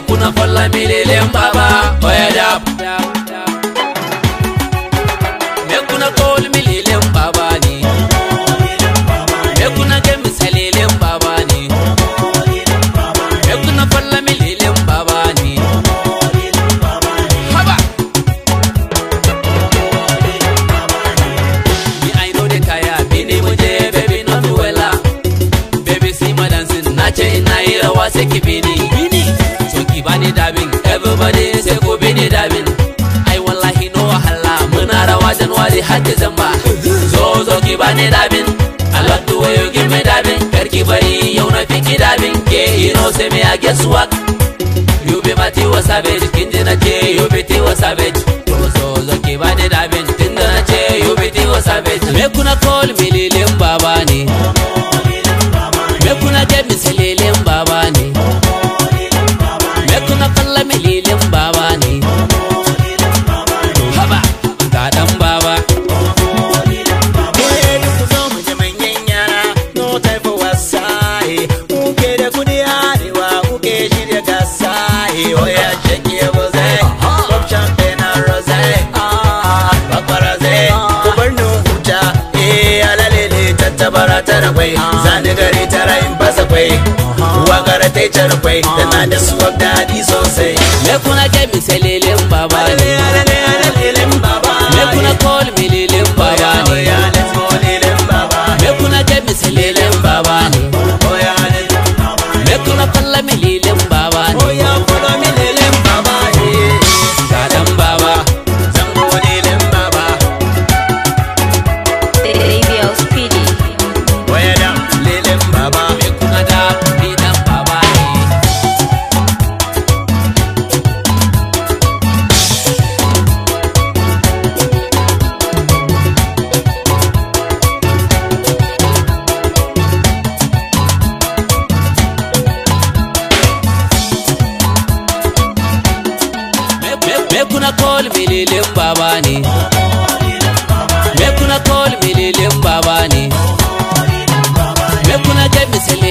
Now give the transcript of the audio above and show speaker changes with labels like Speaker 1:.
Speaker 1: kuna falla milile mbaba oya dab me kuna kol mili sai har zamba zo zo ki bani dabin Allah love wayo ki me dabin karki bari yau na fiki dabin ke ino know me a guess what you be my tiwa savage kin na ke
Speaker 2: tara kwai ah. zani gare tara in baza kwai uwa gara ta yi tara kwai tana da suwab daɗi sosai me kuna ke misalilin baba
Speaker 1: lilin baba me kuna kawal me lilin me